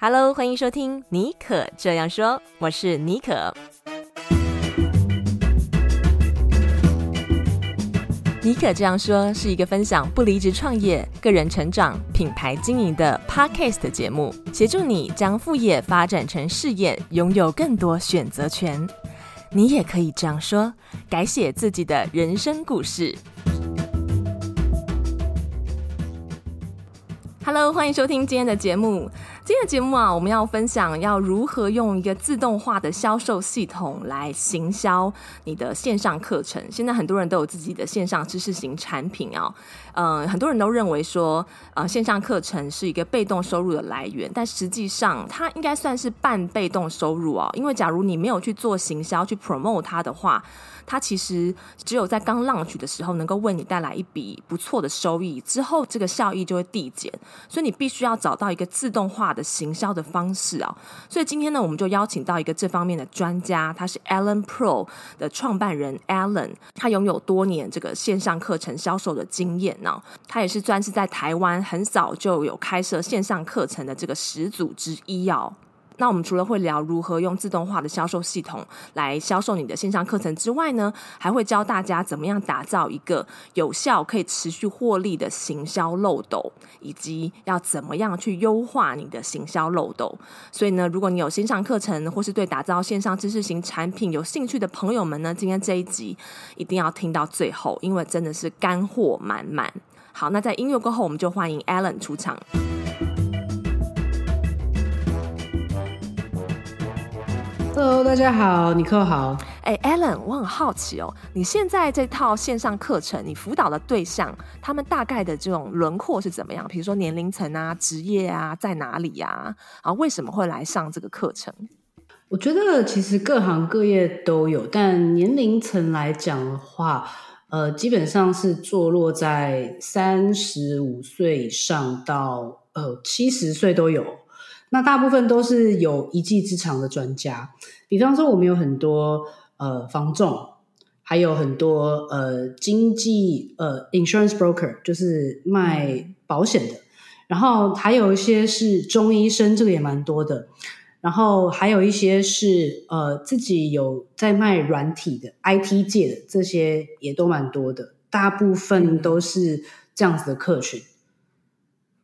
Hello，歡迎收聽尼可這樣說，我是尼可。尼可這樣說是一個分享不離職創業、個人成長、品牌經營的 Podcast 節目，協助你將副業發展成事業，擁有更多選擇權。你也可以這樣說，改寫自己的人生故事。Hello，歡迎收聽今天的節目。今天的節目啊，我們要分享要如何用一個自動化的銷售系統來行銷你的線上課程。現在很多人都有自己的線上知識型產品啊、哦，嗯、呃，很多人都認為說，呃，線上課程是一個被動收入的來源，但實際上它應該算是半被動收入啊、哦，因為假如你沒有去做行銷，去 promote 它的話，它其實只有在剛 launch 的時候能夠為你帶來一筆不錯的收益，之後這個效益就會遞減，所以你必須要找到一個自動化的行銷的方式啊、哦。所以今天呢，我們就邀請到一個這方面的專家，他是 Ellen Pro 的創辦人 Ellen，他擁有多年這個線上課程銷售的經驗呢、哦，他也是算是在台灣很早就有開設線上課程的這個始祖之一哦。那我們除了會聊如何用自動化的銷售系統來銷售你的線上課程之外呢，還會教大家怎麼樣打造一個有效、可以持續獲利的行銷漏斗，以及要怎麼樣去優化你的行銷漏斗。所以呢，如果你有線上課程，或是對打造線上知識型產品有興趣的朋友們呢，今天這一集一定要聽到最後，因為真的是乾貨滿滿。好，那在音樂過後，我們就歡迎 Ellen 出場。Hello，大家好，尼可好。哎、欸、，Ellen，我很好奇哦，你現在這套線上課程，你輔導的對象，他們大概的這種輪廓是怎麼樣？比如說年齡層啊，職業啊，在哪裡啊？啊，為什麼會來上這個課程？我覺得其實各行各業都有，但年齡層來講的話，呃，基本上是坐落在三十五歲以上到呃七十歲都有。那大部分都是有一技之長的專家，比方說我們有很多呃房仲，還有很多呃經紀呃 insurance broker，就是賣保險的，嗯、然後還有一些是中醫生，這個也蠻多的，然後還有一些是呃自己有在賣軟體的 IT 界的這些也都蠻多的，大部分都是這樣子的客群。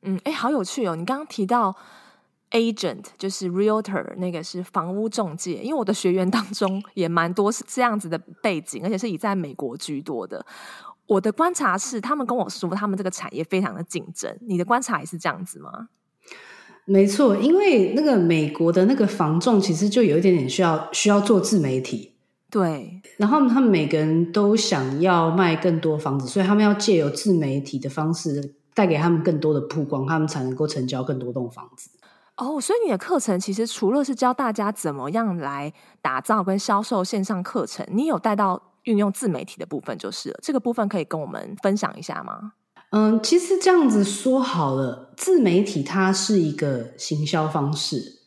嗯，嗯，誒好有趣哦，你剛剛提到。Agent 就是 realtor，那個是房屋中介。因為我的學員當中也蠻多是這樣子的背景，而且是以在美國居多的。我的觀察是，他們跟我說，他們這個產業非常的競爭。你的觀察也是這樣子嗎？沒錯，因為那個美國的那個房仲其實就有一點點需要需要做自媒體。對，然後他們每個人都想要賣更多房子，所以他們要借由自媒體的方式帶給他們更多的曝光，他們才能夠成交更多棟房子。哦，oh, 所以你的課程其實除了是教大家怎麼樣來打造跟銷售線上課程，你有帶到運用自媒體的部分就是了。這個部分可以跟我們分享一下嗎？嗯，其實這樣子說好了，自媒體它是一個行銷方式。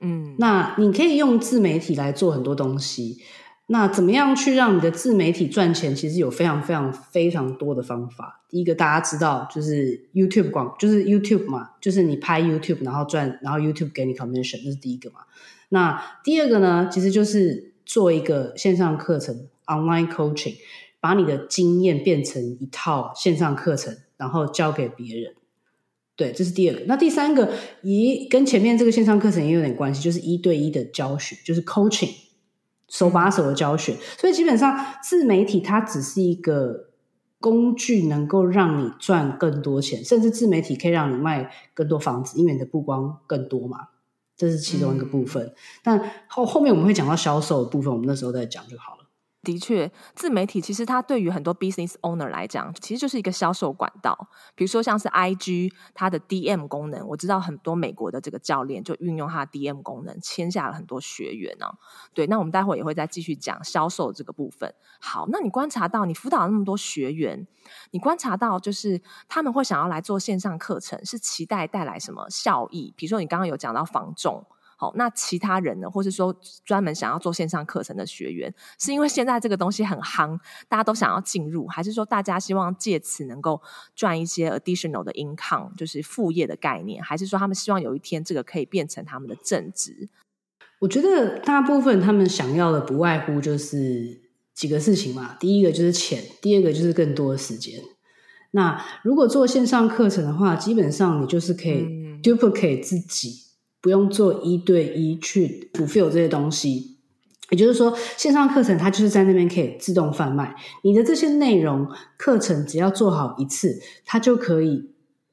嗯，那你可以用自媒體來做很多東西。那怎麼樣去讓你的自媒體賺錢？其實有非常非常非常多的方法。第一個大家知道就是 YouTube 廣，就是 YouTube 嘛，就是你拍 YouTube 然後賺，然後 YouTube 給你 commission，這是第一個嘛。那第二個呢，其實就是做一個線上課程 （online coaching），把你的經驗變成一套線上課程，然後教給別人。對，這是第二個。那第三個，咦，跟前面這個線上課程也有點關係，就是一對一的教學，就是 coaching。手把手的教學，所以基本上自媒體它只是一個工具，能夠讓你賺更多錢，甚至自媒體可以讓你賣更多房子，因為你的曝光更多嘛，這是其中一個部分。嗯。但後後面我們會講到銷售的部分，我們那時候再講就好了。的確，自媒體其實它對於很多 business owner 來講，其實就是一個銷售管道。比如說像是 IG 它的 DM 功能，我知道很多美國的這個教練就運用他的 DM 功能簽下了很多學員呢、啊。對，那我們待會也會再繼續講銷售這個部分。好，那你觀察到你輔導了那麼多學員，你觀察到就是他們會想要來做線上課程，是期待帶來什麼效益？比如說你剛剛有講到房仲。好，那其他人呢？或是說專門想要做線上課程的學員，是因為現在這個東西很夯，大家都想要進入，還是說大家希望借此能夠賺一些 additional 的 income，就是副業的概念？還是說他們希望有一天這個可以變成他們的正職？我覺得大部分他們想要的不外乎就是幾個事情吧。第一個就是錢，第二個就是更多的時間。那如果做線上課程的話，基本上你就是可以 duplicate 自己。嗯不用做一對一去補 f i 這些東西，也就是說，線上課程它就是在那邊可以自動販賣你的這些內容課程，只要做好一次，它就可以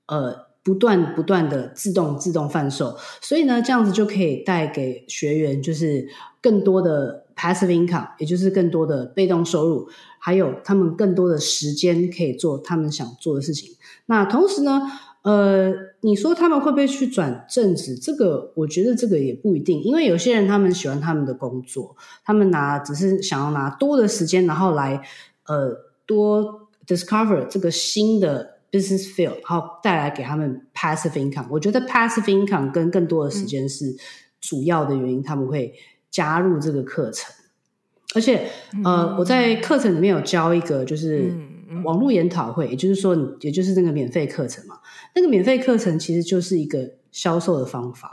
呃不斷不斷的自動自動販售，所以呢，這樣子就可以帶給學員就是更多的 passive income，也就是更多的被動收入，還有他們更多的時間可以做他們想做的事情。那同時呢，呃。你說他們會不會去轉正職？這個我覺得這個也不一定，因為有些人他們喜歡他們的工作，他們拿只是想要拿多的時間，然後來呃多 discover 這個新的 business field，然後帶來給他們 passive income。我覺得 passive income 跟更多的時間是主要的原因，他們會加入這個課程。嗯、而且呃，嗯、我在課程裡面有教一個就是。嗯嗯、網路研討會，也就是說，也就是那個免費課程嘛。那個免費課程其實就是一個銷售的方法，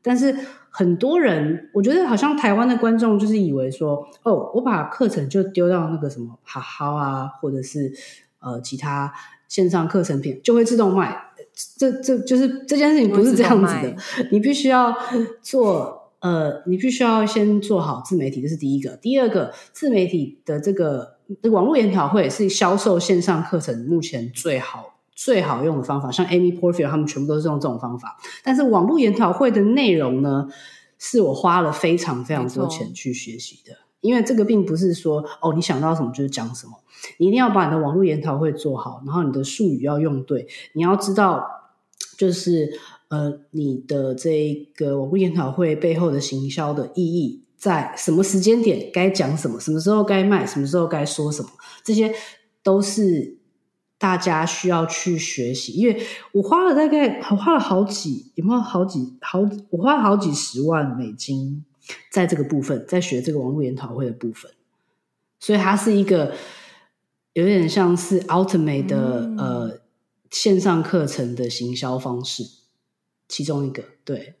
但是很多人，我覺得好像台灣的觀眾就是以為說，哦，我把課程就丟到那個什麼好好啊，或者是呃其他線上課程片就會自動賣。這這就是這件事情不是這樣子的， 你必須要做呃，你必須要先做好自媒體，這、就是第一個。第二個，自媒體的這個。網絡研討會是銷售線上課程目前最好最好用的方法，像 Amy Porterfield 他們全部都是用這種方法。但是網絡研討會的內容呢，是我花了非常非常多錢去學習的，沒錯。因為這個並不是說哦，你想到什麼就是講什麼，你一定要把你的網絡研討會做好，然後你的術語要用對，你要知道就是呃你的這一個網絡研討會背後的行銷的意義。在什麼時間點該講什麼，什麼時候該賣，什麼時候該說什麼，這些都是大家需要去學習。因為我花了大概，我花了好幾，有沒有好幾好幾，我花了好幾十萬美金在這個部分，在學這個網絡研討會的部分，所以它是一個有點像是 Ultimate 的、嗯、呃線上課程的行銷方式，其中一個對。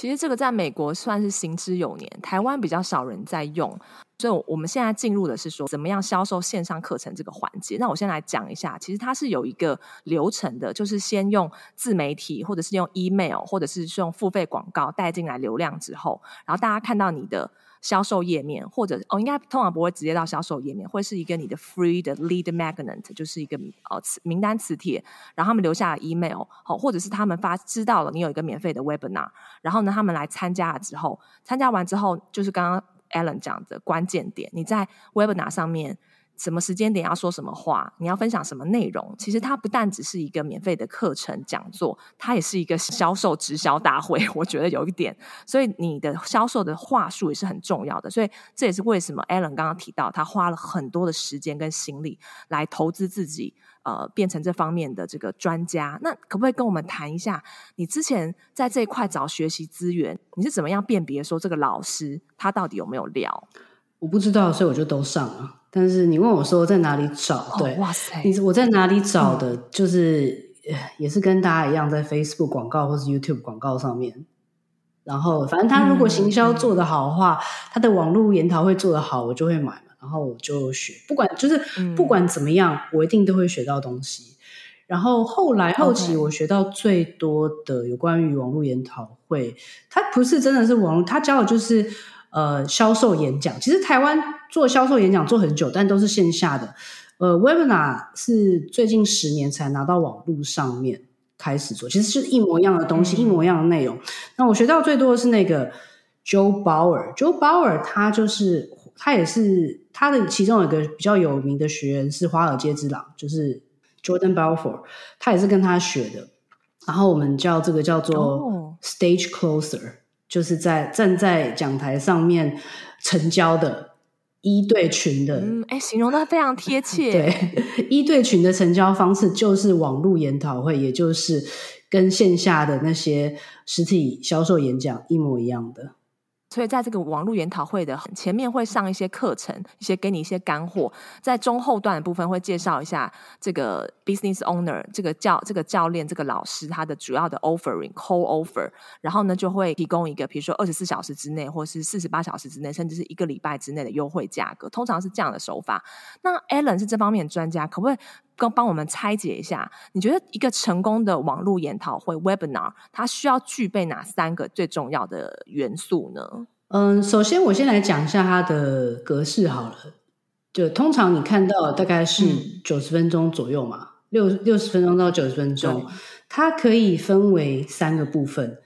其實這個在美國算是行之有年，台灣比較少人在用，所以我們現在進入的是說怎麼樣銷售線上課程這個環節。那我先來講一下，其實它是有一個流程的，就是先用自媒體或者是用 email 或者是用付費廣告帶進來流量之後，然後大家看到你的。銷售頁面，或者哦，應該通常不會直接到銷售頁面，會是一個你的 free 的 lead magnet，就是一個名單磁鐵，然後他們留下 email，好、哦，或者是他們發知道了你有一個免費的 webinar，然後呢，他們來參加了之後，參加完之後，就是剛剛 Ellen 講的關鍵點，你在 webinar 上面。什麼時間點要說什麼話，你要分享什麼內容？其實它不但只是一個免費的課程講座，它也是一個銷售直銷大會。我覺得有一點，所以你的銷售的話術也是很重要的。所以這也是為什麼 Ellen 剛剛提到他花了很多的時間跟心力來投資自己，呃，變成這方面的這個專家。那可不可以跟我們談一下，你之前在這一塊找學習資源，你是怎麼樣辨別說這個老師他到底有沒有料？我不知道，所以我就都上了。但是你問我說在哪裡找？對，oh, 哇塞你我在哪裡找的？嗯、就是也是跟大家一樣，在 Facebook 廣告或是 YouTube 廣告上面。然後，反正他如果行銷做得好的話，他、嗯、的網絡研討會做得好，我就會買嘛。然後我就學，不管就是不管怎麼樣，嗯、我一定都會學到東西。然後後來後期我學到最多的，有關於網絡研討會，他 Okay. 不是真的是網絡，他教的就是。呃，銷售演講其實台灣做銷售演講做很久，但都是線下的。呃，Webinar 是最近十年才拿到網路上面開始做，其實是一模一樣的東西，嗯、一模一樣的內容。那我學到最多的是那個 Joe Bauer，Joe Bauer 他就是他也是他的其中有一個比較有名的學員是華爾街之狼，就是 Jordan Balfour，他也是跟他學的。然後我們叫這個叫做 Stage Closer。哦就是在站在講台上面成交的一對群的。嗯，哎，形容的非常貼切。對，一對群的成交方式就是網絡研討會，也就是跟線下的那些實體銷售演講一模一樣的。所以在這個網絡研討會的前面會上一些課程，一些給你一些乾貨，在中後段的部分會介紹一下這個 business owner 這個教這個教練這個老師他的主要的 offering core offer，然後呢就會提供一個，比如說二十四小時之內，或是四十八小時之內，甚至是一個禮拜之內的優惠價格，通常是這樣的手法。那 Ellen 是這方面的專家，可不可以？幫我們拆解一下，你覺得一個成功的網路研討會 Webinar 它需要具備哪三個最重要的元素呢？嗯，首先我先來講一下它的格式好了，就通常你看到大概是九十分鐘左右嘛，六六十分鐘到九十分鐘，對它可以分為三個部分。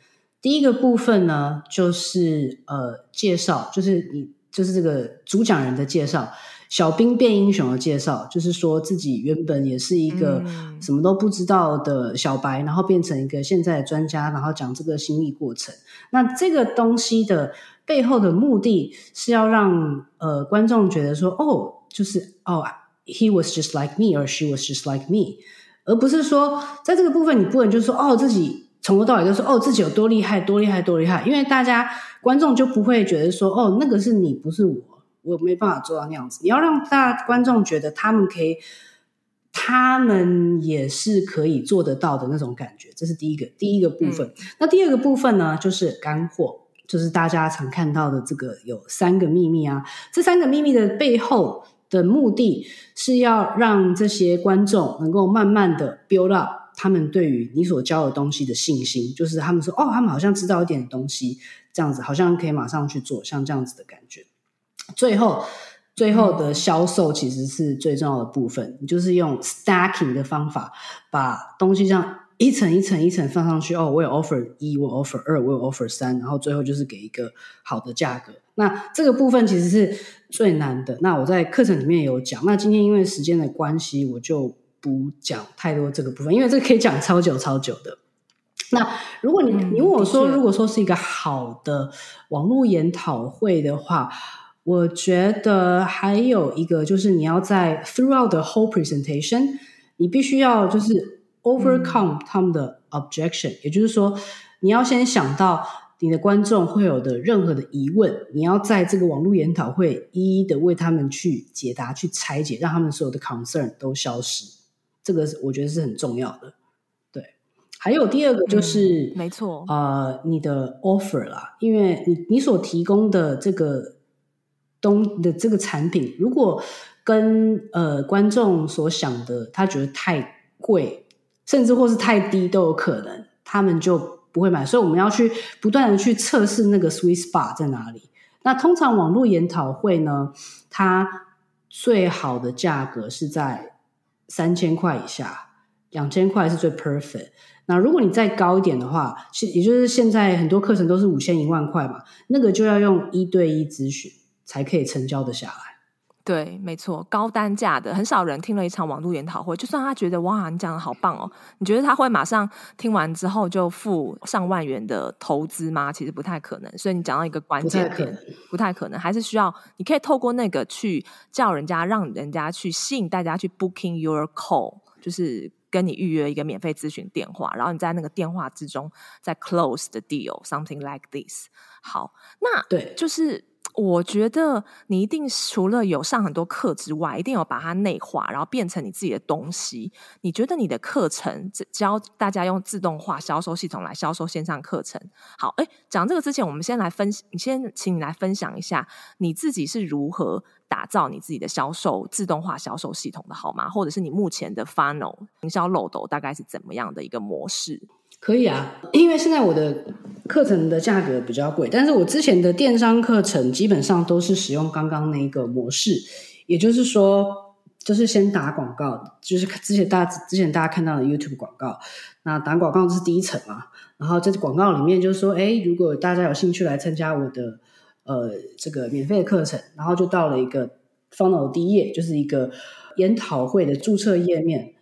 第一個部分呢，就是呃介紹，就是你就是這個主講人的介紹。小兵變英雄的介紹，就是說自己原本也是一個什麼都不知道的小白，嗯、然後變成一個現在的專家，然後講這個心理過程。那這個東西的背後的目的，是要讓呃觀眾覺得說，哦，就是哦，he was just like me，or she was just like me，而不是說在這個部分你不能就是說哦自己從頭到尾就說哦自己有多厲害多厲害多厲害，因為大家觀眾就不會覺得說哦那個是你不是我。我沒辦法做到那樣子。你要讓大家觀眾覺得他們可以，他們也是可以做得到的那種感覺。這是第一個，第一個部分。嗯、那第二個部分呢，就是乾貨，就是大家常看到的這個有三個秘密啊。這三個秘密的背後的目的，是要讓這些觀眾能夠慢慢的 build up 他們對於你所教的東西的信心。就是他們說，哦，他們好像知道一點東西，這樣子好像可以馬上去做，像這樣子的感覺。最後，最後的銷售其實是最重要的部分，嗯、就是用 stacking 的方法把東西這樣一層一層一層放上去。哦，我有 offer 一，我 offer 二，我有 offer 三，然後最後就是給一個好的價格。那這個部分其實是最難的。那我在課程裡面有講。那今天因為時間的關係，我就不講太多這個部分，因為這個可以講超久超久的。那如果你、嗯、你問我說，確如果說是一個好的網絡研討會的話，我覺得還有一個就是你要在 throughout the whole presentation，你必須要就是 overcome、嗯、他們的 objection，也就是說你要先想到你的觀眾會有的任何的疑問，你要在這個網絡研討會一一的為他們去解答、去拆解，讓他們所有的 concern 都消失。這個我覺得是很重要的。對，還有第二個就是、嗯、沒錯，呃，你的 offer 啦，因為你你所提供的這個。東的這個產品，如果跟呃觀眾所想的，他覺得太貴，甚至或是太低都有可能，他們就不會買。所以我們要去不斷的去測試那個 sweet spot 在哪裡。那通常網絡研討會呢，它最好的價格是在三千塊以下，兩千塊是最 perfect。那如果你再高一點的話，是，也就是現在很多課程都是五千一萬塊嘛，那個就要用一對一諮詢。才可以成交的下來，對，沒錯，高單價的很少人聽了一場網絡研討會，就算他覺得哇，你講的好棒哦，你覺得他會馬上聽完之後就付上萬元的投資嗎？其實不太可能。所以你講到一個關鍵點，不太可能，還是需要你可以透過那個去叫人家，讓人家去吸引大家去 booking your call，就是跟你預約一個免費諮詢電話，然後你在那個電話之中再 close the deal, something like this。好，那對，就是。我覺得你一定除了有上很多課之外，一定有把它內化，然後變成你自己的東西。你覺得你的課程教大家用自動化銷售系統來銷售線上課程？好，哎，講這個之前，我們先來分，你先請你來分享一下你自己是如何打造你自己的銷售自動化銷售系統的，好嗎？或者是你目前的 funnel 行銷漏斗大概是怎麼樣的一個模式？可以啊，因為現在我的。課程的價格比較貴，但是我之前的電商課程基本上都是使用剛剛那個模式，也就是說，就是先打廣告，就是之前大之前大家看到的 YouTube 廣告，那打廣告是第一層嘛，然後在廣告裡面就是說，哎，如果大家有興趣來參加我的呃這個免費的課程，然後就到了一個 final 第一頁，就是一個研討會的註冊頁面，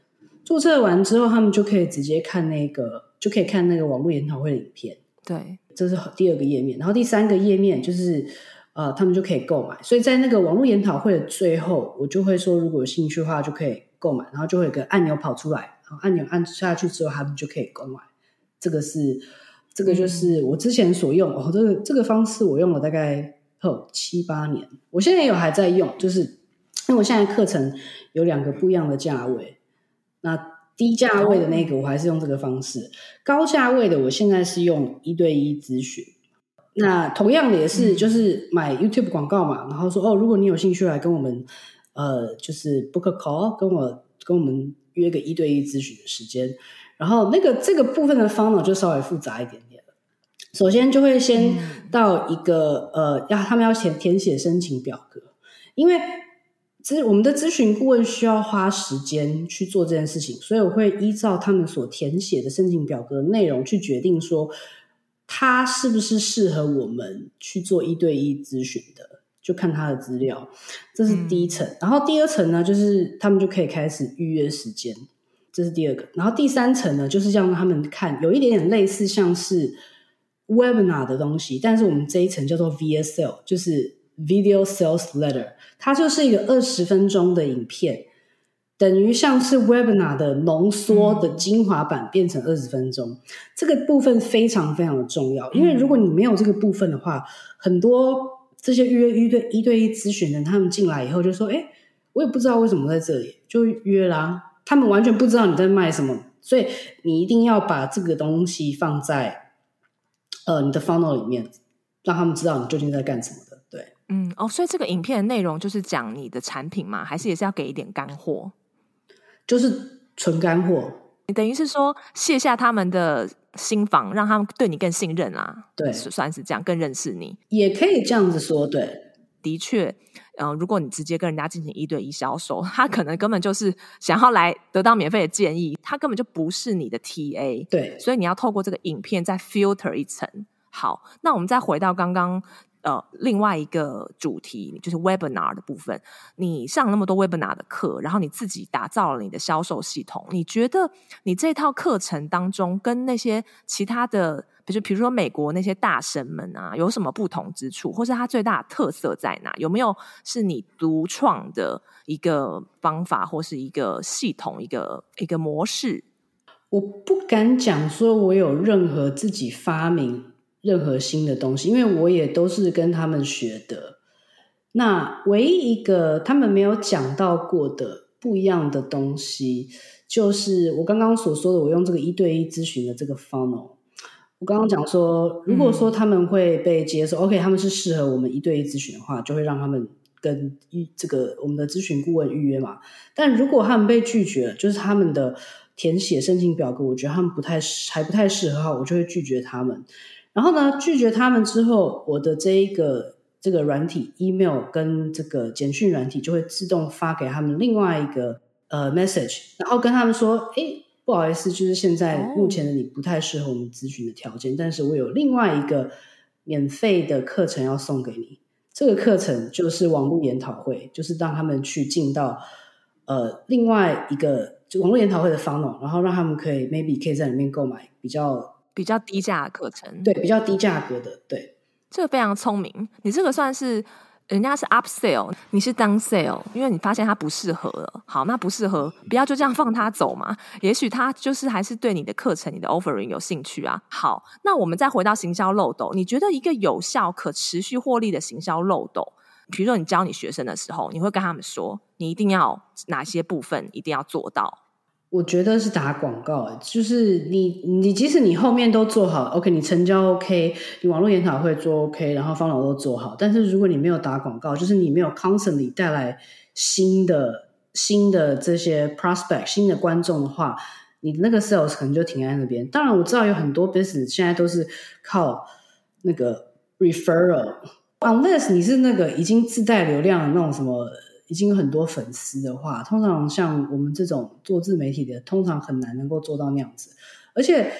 註冊完之後，他們就可以直接看那個就可以看那個網絡研討會的影片。對，這是第二個頁面，然後第三個頁面就是，呃，他們就可以購買。所以在那個網絡研討會的最後，我就會說，如果有興趣的話，就可以購買，然後就會有個按鈕跑出來，然後按鈕按下去之後，他們就可以購買。這個是，這個就是我之前所用、嗯、哦，這個這個方式我用了大概有七八年，我現在也有還在用，就是因為我現在課程有兩個不一樣的價位，那。低價位的那個我還是用這個方式，高價位的我現在是用一對一諮詢。那同樣的也是，就是買 YouTube 廣告嘛，然後說哦，如果你有興趣來跟我們，呃，就是 book a call，跟我跟我們約個一對一諮詢的時間。然後那個這個部分的方法就稍微複雜一點點了。首先就會先到一個呃，要他們要填填寫申請表格，因為。其實我們的諮詢顧問需要花時間去做這件事情，所以我會依照他們所填寫的申請表格內容去決定說，他是不是適合我們去做一對一諮詢的，就看他的資料，這是第一層。嗯、然後第二層呢，就是他們就可以開始預約時間，這是第二個。然後第三層呢，就是讓他們看有一點點類似像是 webinar 的東西，但是我們這一層叫做 VSL，就是。Video sales letter，它就是一個二十分鐘的影片，等於像是 Webinar 的濃縮的精華版，變成二十分鐘。嗯、這個部分非常非常的重要，因為如果你沒有這個部分的話，嗯、很多這些預約一對一對一諮詢的，他們進來以後就說：“哎，我也不知道為什麼在這裡就約啦。”他們完全不知道你在賣什麼，所以你一定要把這個東西放在呃你的 Funnel 裡面，讓他們知道你究竟在幹什麼。嗯哦，所以這個影片的內容就是講你的產品嘛，還是也是要給一點乾貨，就是純乾貨，嗯。等於是說，卸下他們的心防，讓他們對你更信任啊，對，算是這樣，更認識你也可以這樣子說。對，的確，嗯、呃，如果你直接跟人家進行一對一銷售，他可能根本就是想要來得到免費的建議，他根本就不是你的 T A。對，所以你要透過這個影片再 filter 一層。好，那我們再回到剛剛。呃，另外一個主題就是 webinar 的部分。你上那麼多 webinar 的課，然後你自己打造了你的銷售系統，你覺得你這套課程當中跟那些其他的比如，比如說美國那些大神們啊，有什麼不同之處，或是它最大的特色在哪？有沒有是你獨創的一個方法或是一個系統、一個一個模式？我不敢講，說我有任何自己發明。任何新的東西，因為我也都是跟他們學的。那唯一一個他們沒有講到過的不一樣的東西，就是我剛剛所說的，我用這個一對一諮詢的這個 funnel。我剛剛講說，如果說他們會被接受，嗯，OK，他們是適合我們一對一諮詢的話，就會讓他們跟這個我們的諮詢顧問預約嘛。但如果他們被拒絕了，就是他們的填寫申請表格，我覺得他們不太還不太適合的話，我就會拒絕他們。然後呢，拒絕他們之後，我的這一個這個軟體 email 跟這個簡訊軟體就會自動發給他們另外一個呃 message，然後跟他們說，誒，不好意思，就是現在目前的你不太適合我們諮詢的條件，嗯、但是我有另外一個免費的課程要送給你，這個課程就是網絡研討會，就是讓他們去進到呃另外一個就網絡研討會的 funnel，然後讓他們可以 maybe 可以在裡面購買比較。比較低價的課程，對，比較低價格的，對。這個非常聰明，你這個算是人家是 upsell，你是 downsell，因為你發現他不適合了。好，那不適合不要就這樣放他走嘛，也許他就是還是對你的課程、你的 offering 有興趣啊。好，那我們再回到行銷漏斗，你覺得一個有效、可持續獲利的行銷漏斗，比如說你教你學生的時候，你會跟他們說，你一定要哪些部分一定要做到？我覺得是打廣告。就是你你即使你後面都做好，OK，你成交 OK，你網絡研討會做 OK，然後方老都做好，但是如果你沒有打廣告，就是你沒有 constantly 帶來新的新的這些 prospect 新的觀眾的話，你那個 sales 可能就停在那邊。當然我知道有很多 business 現在都是靠那個 referral，unless 你是那個已經自帶流量的那種什麼。已經有很多粉絲的話，通常像我們這種做自媒體的，通常很難能夠做到那樣子。而且，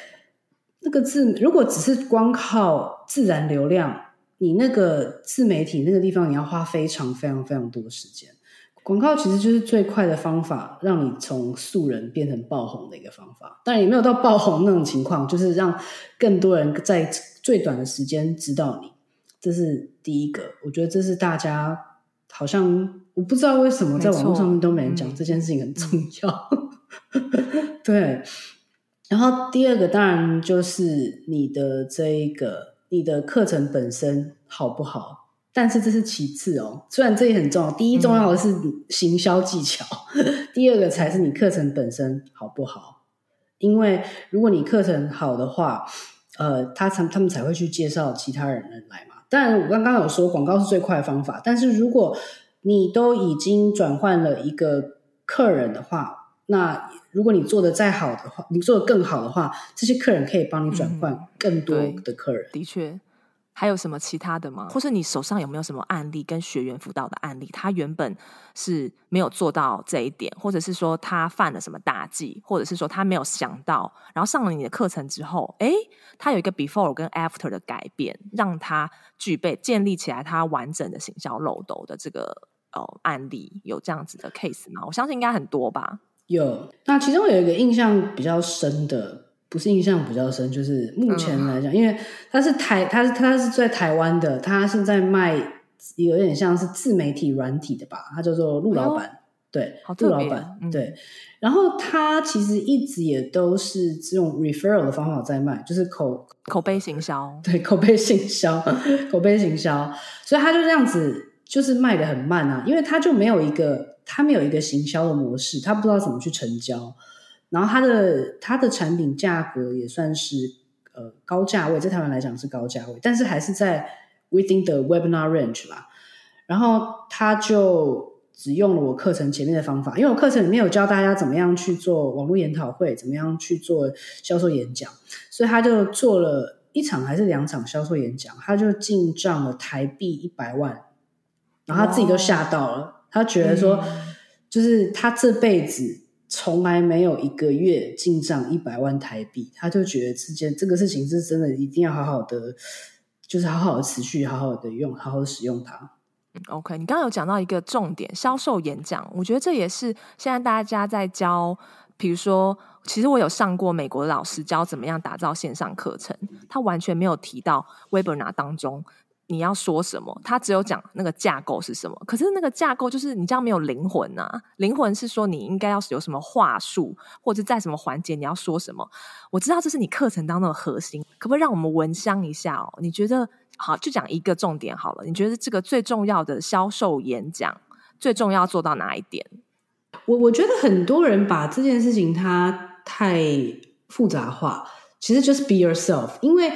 那個自如果只是光靠自然流量，你那個自媒體那個地方，你要花非常非常非常多的時間。廣告其實就是最快的方法，讓你從素人變成爆紅的一個方法。但也沒有到爆紅那種情況，就是讓更多人在最短的時間知道你。這是第一個，我覺得這是大家。好像我不知道為什麼在網絡上面都沒人講，沒錯，這件事情很重要。嗯、 對，然後第二個當然就是你的這一個，你的課程本身好不好？但是這是其次哦，雖然這也很重要。第一重要的是行銷技巧，嗯、第二個才是你課程本身好不好？因為如果你課程好的話，呃，他才他們才會去介紹其他人來嘛。但我剛剛有說，廣告是最快的方法，但是如果你都已經轉換了一個客人的話，那如果你做得再好的話，你做得更好的話，這些客人可以幫你轉換更多的客人。嗯，的確。還有什麼其他的嗎？或是你手上有沒有什麼案例跟學員輔導的案例？他原本是沒有做到這一點，或者是說他犯了什麼大忌，或者是說他沒有想到，然後上了你的課程之後，哎，他有一個 before 跟 after 的改變，讓他具備建立起來他完整的行銷漏斗的這個哦、呃、案例，有這樣子的 case 嗎？我相信應該很多吧。有。那其中有一個印象比較深的。不是印象比較深，就是目前來講，嗯、因為他是台，他是他是在台灣的，他現在賣，有點像是自媒體軟體的吧，他叫做陸老板，哎、呦對，陸老板，嗯、對。然後他其實一直也都是用 referral 的方法在賣，就是口口碑行銷，對，口碑行銷，口碑行銷， 所以他就這樣子，就是賣得很慢啊，因為他就沒有一個，他沒有一個行銷的模式，他不知道怎麼去成交。然後他的他的產品價格也算是呃高價位，在台灣來講是高價位，但是還是在 within the webinar range 吧。然後他就只用了我課程前面的方法，因為我課程裡面有教大家怎麼樣去做網絡研討會，怎麼樣去做銷售演講，所以他就做了一場還是兩場銷售演講，他就進賬了台幣一百萬，然後他自己都嚇到了，哇他覺得說就是他這輩子。從來沒有一個月進賬一百萬台幣，他就覺得這件這個事情是真的，一定要好好的，就是好好的持續，好好的用，好好使用它。OK，你剛剛有講到一個重點，銷售演講，我覺得這也是現在大家在教，比如說，其實我有上過美國的老師教怎麼樣打造線上課程，他完全沒有提到 Webinar 當中。你要說什麼？他只有講那個架構是什麼，可是那個架構就是你這樣沒有靈魂吶、啊！靈魂是說你應該要有什麼話術，或者在什麼環節你要說什麼。我知道這是你課程當中的核心，可不可以讓我們聞香一下哦？你覺得好就講一個重點好了。你覺得這個最重要的銷售演講最重要要做到哪一點？我我覺得很多人把這件事情它太複雜化，其實就是 be yourself，因為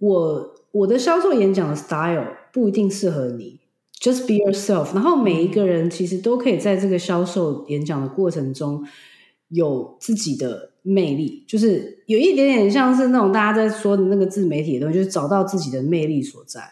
我。我的銷售演講的 style 不一定適合你，just be yourself。然後每一個人其實都可以在這個銷售演講的過程中有自己的魅力，就是有一點點像是那種大家在說的那個自媒體的東西，就是找到自己的魅力所在。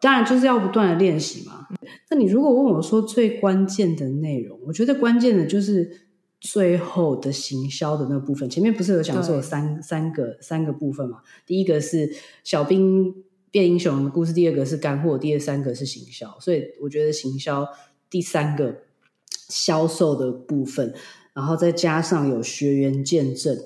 當然就是要不斷的練習嘛。那你如果問我說最關鍵的內容，我覺得關鍵的就是最後的行銷的那個部分。前面不是有講說有三對三個三個部分嘛？第一個是小兵變英雄的故事，第二個是乾貨，第二三個是行銷，所以我覺得行銷第三個銷售的部分，然後再加上有學員見證，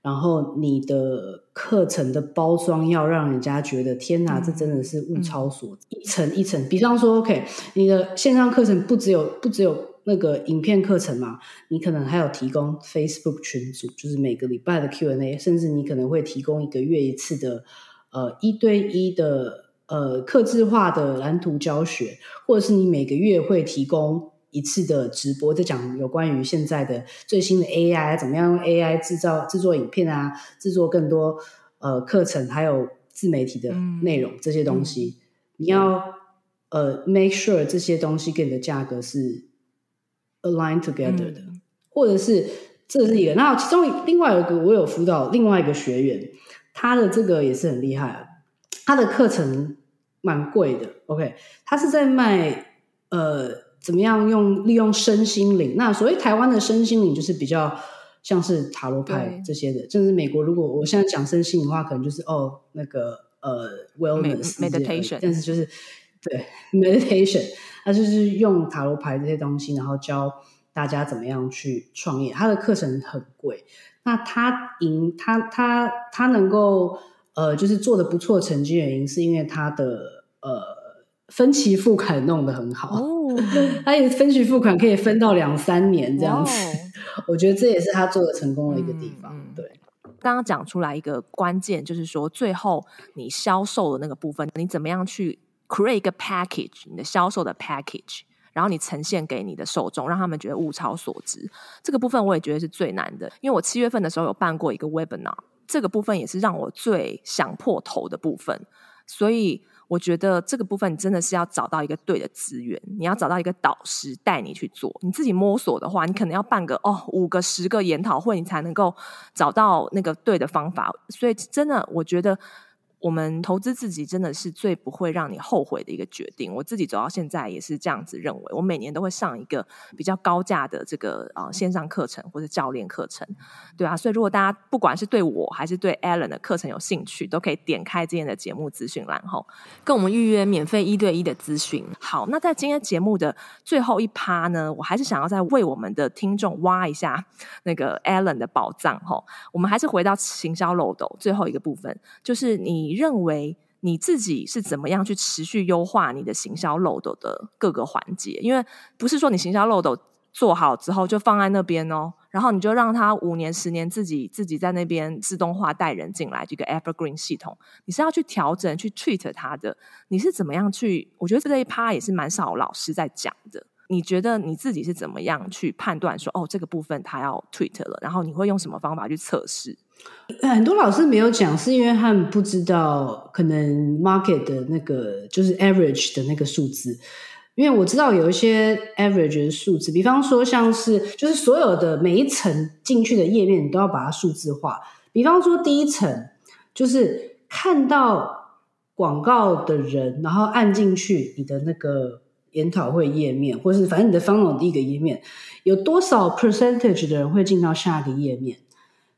然後你的課程的包裝要讓人家覺得天吶、啊、這真的是物超所值。嗯嗯、一層一層，比方說，OK，你的線上課程不只有不只有那個影片課程嘛，你可能還有提供 Facebook 群組，就是每個禮拜的 Q&A，甚至你可能會提供一個月一次的。呃、一對一的呃，客製化的藍圖教學，或者是你每個月會提供一次的直播，在講有關於現在的最新的 AI 怎麼樣用 AI 製造制作影片啊，制作更多、呃、課程，還有自媒體的內容、嗯、這些東西，嗯、你要對呃 make sure 這些東西給你的價格是 align together 的，嗯、或者是這是一個，對那其中另外一個我有輔導另外一個學員。他的這個也是很厲害啊，他的課程蠻貴的。OK，他是在賣呃，怎麼樣用利用身心靈？那所謂台灣的身心靈，就是比較像是塔羅牌這些的。對就是美國，如果我現在講身心靈的話，可能就是哦，那個呃，wellness meditation，但是就是對 meditation，他就是用塔羅牌這些東西，然後教大家怎麼樣去創業。他的課程很貴。那他贏，他他他能夠呃，就是做的不錯的成績原因，是因為他的呃分期付款弄得很好，哦、 他有分期付款可以分到兩三年這樣子，哦、我覺得這也是他做的成功的一個地方。嗯、對，剛剛講出來一個關鍵，就是說最後你銷售的那個部分，你怎麼樣去 create 一個 package，你的銷售的 package。然後你呈現給你的受眾，讓他們覺得物超所值，這個部分我也覺得是最難的。因為我七月份的時候有辦過一個 Webinar，這個部分也是讓我最想破頭的部分。所以我覺得這個部分真的是要找到一個對的資源，你要找到一個導師帶你去做。你自己摸索的話，你可能要辦個哦五個十個研討會，你才能夠找到那個對的方法。所以真的，我覺得。我們投資自己真的是最不會讓你後悔的一個決定。我自己走到現在也是這樣子認為。我每年都會上一個比較高價的這個啊、呃，線上課程或是教練課程，對啊。所以如果大家不管是對我還是對 Ellen 的課程有興趣，都可以點開今天的節目資訊欄，吼，跟我們預約免費一對一的諮詢。好，那在今天節目的最後一趴呢，我還是想要再為我們的聽眾挖一下那個 Ellen 的寶藏。吼，我們還是回到行銷漏斗最後一個部分，就是你。你認為你自己是怎麼樣去持續優化你的行銷漏斗的各個環節？因為不是說你行銷漏斗做好之後就放在那邊哦，然後你就讓它五年十年自己自己在那邊自動化帶人進來這個 Evergreen 系統，你是要去調整去 tweak 它的。你是怎麼樣去？我覺得這一趴也是蠻少老師在講的。你覺得你自己是怎麼樣去判斷說哦，這個部分它要 tweak 了，然後你會用什麼方法去測試？很多老師沒有講，是因為他們不知道可能 market 的那個就是 average 的那個數字。因為我知道有一些 average 的數字，比方說像是就是所有的每一層進去的頁面，你都要把它數字化。比方說第一層就是看到廣告的人，然後按進去你的那個研討會頁面，或是反正你的 funnel 第一個頁面，有多少 percentage 的人會進到下一個頁面？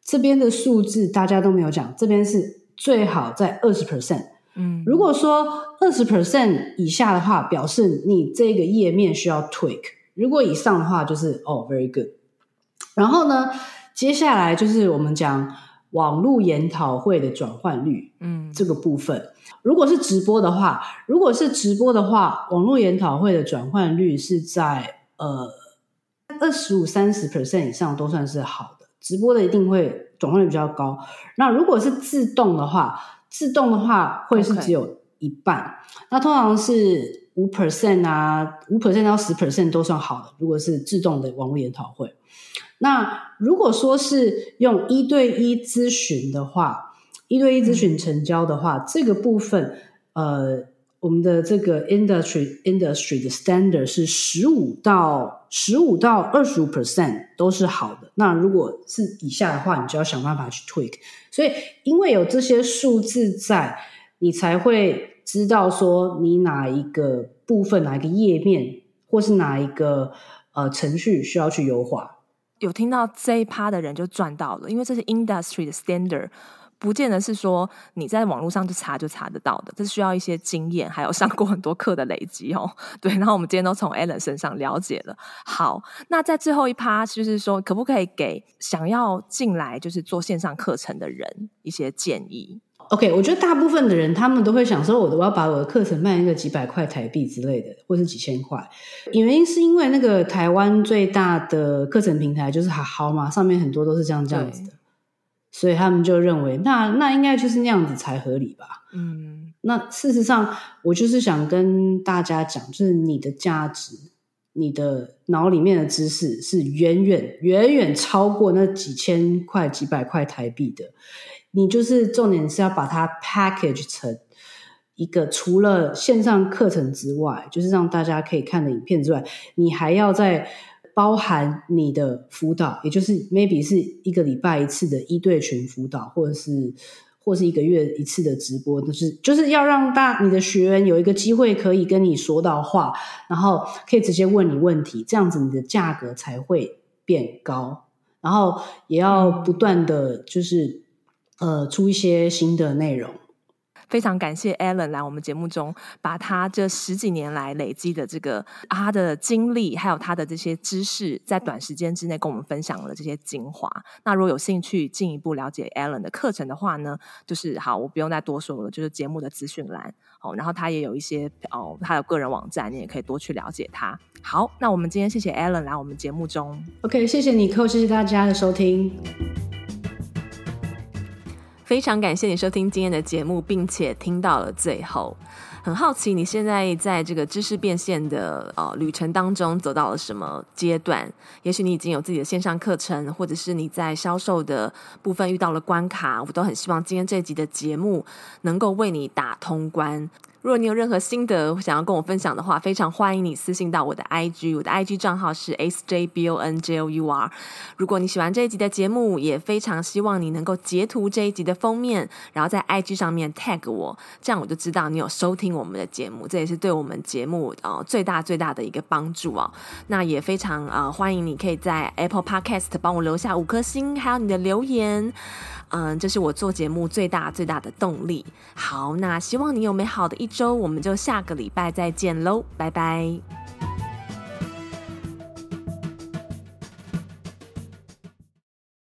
這邊的數字大家都沒有講，這邊是最好在二十 percent。嗯，如果說二十 percent 以下的話，表示你這個頁面需要 tweak；如果以上的話，就是哦 very good。然後呢，接下來就是我們講網絡研討會的轉換率。嗯，這個部分，如果是直播的話，如果是直播的話，網絡研討會的轉換率是在呃二十五、三十 percent 以上都算是好的。直播的一定會轉換率比較高，那如果是自動的話，自動的話會是只有一半，Okay. 那通常是五 percent 啊，五 percent 到十 percent 都算好的。如果是自動的網絡研討會，那如果說是用一對一諮詢的話，一對一諮詢成交的話，嗯、這個部分，呃。我們的這個 industry industry 的 standard 是十五到十五到二十五 percent 都是好的。那如果是以下的話，你就要想辦法去 tweak。所以，因為有這些數字在，你才會知道說你哪一個部分、哪一個頁面或是哪一個呃程序需要去優化。有聽到這一趴的人就賺到了，因為這是 industry 的 standard。不見得是說你在網絡上就查就查得到的，這需要一些經驗，還有上過很多課的累積哦、喔。對，然後我們今天都從 Ellen 身上了解了。好，那在最後一趴，就是說，可不可以給想要進來就是做線上課程的人一些建議？OK，我覺得大部分的人他們都會想說，我都要把我的課程賣一個幾百塊台幣之類的，或是幾千塊，原因是因為那個台灣最大的課程平台就是好好嘛，上面很多都是這樣這樣子的。所以他們就認為，那那應該就是那樣子才合理吧？嗯，那事實上，我就是想跟大家講，就是你的價值，你的腦裡面的知識是遠遠遠遠超過那幾千塊幾百塊台幣的。你就是重點是要把它 package 成一個除了線上課程之外，就是讓大家可以看的影片之外，你還要在。包含你的輔導，也就是 maybe 是一個禮拜一次的一對群輔導，或者是或者是一個月一次的直播，就是就是要讓大你的學員有一個機會可以跟你說到話，然後可以直接問你問題，這樣子你的價格才會變高，然後也要不斷的就是呃出一些新的內容。非常感謝 Ellen 來我們節目中，把他這十幾年來累積的這個他、啊、的經歷，還有他的這些知識，在短時間之內跟我們分享了這些精華。那如果有興趣進一步了解 Ellen 的課程的話呢，就是好，我不用再多說了，就是節目的資訊欄哦。然後他也有一些哦，他的個人網站，你也可以多去了解他。好，那我們今天謝謝 Ellen 來我們節目中。OK，謝謝尼可，謝謝大家的收聽。非常感謝你收聽今天的節目，並且聽到了最後。很好奇你現在在這個知識變現的呃旅程當中走到了什麼階段？也許你已經有自己的線上課程，或者是你在銷售的部分遇到了關卡。我都很希望今天這集的節目能夠為你打通關。如果你有任何心得想要跟我分享的話，非常歡迎你私信到我的 IG，我的 IG 賬號是 sjbonjour。如果你喜歡這一集的節目，也非常希望你能夠截圖這一集的封面，然後在 IG 上面 tag 我，這樣我就知道你有收聽我們的節目，這也是對我們節目啊、呃、最大最大的一個幫助啊。那也非常啊、呃、歡迎你可以在 Apple Podcast 幫我留下五顆星，還有你的留言。嗯，這是我做節目最大最大的動力。好，那希望你有美好的一周，我們就下個禮拜再見嘍，拜拜。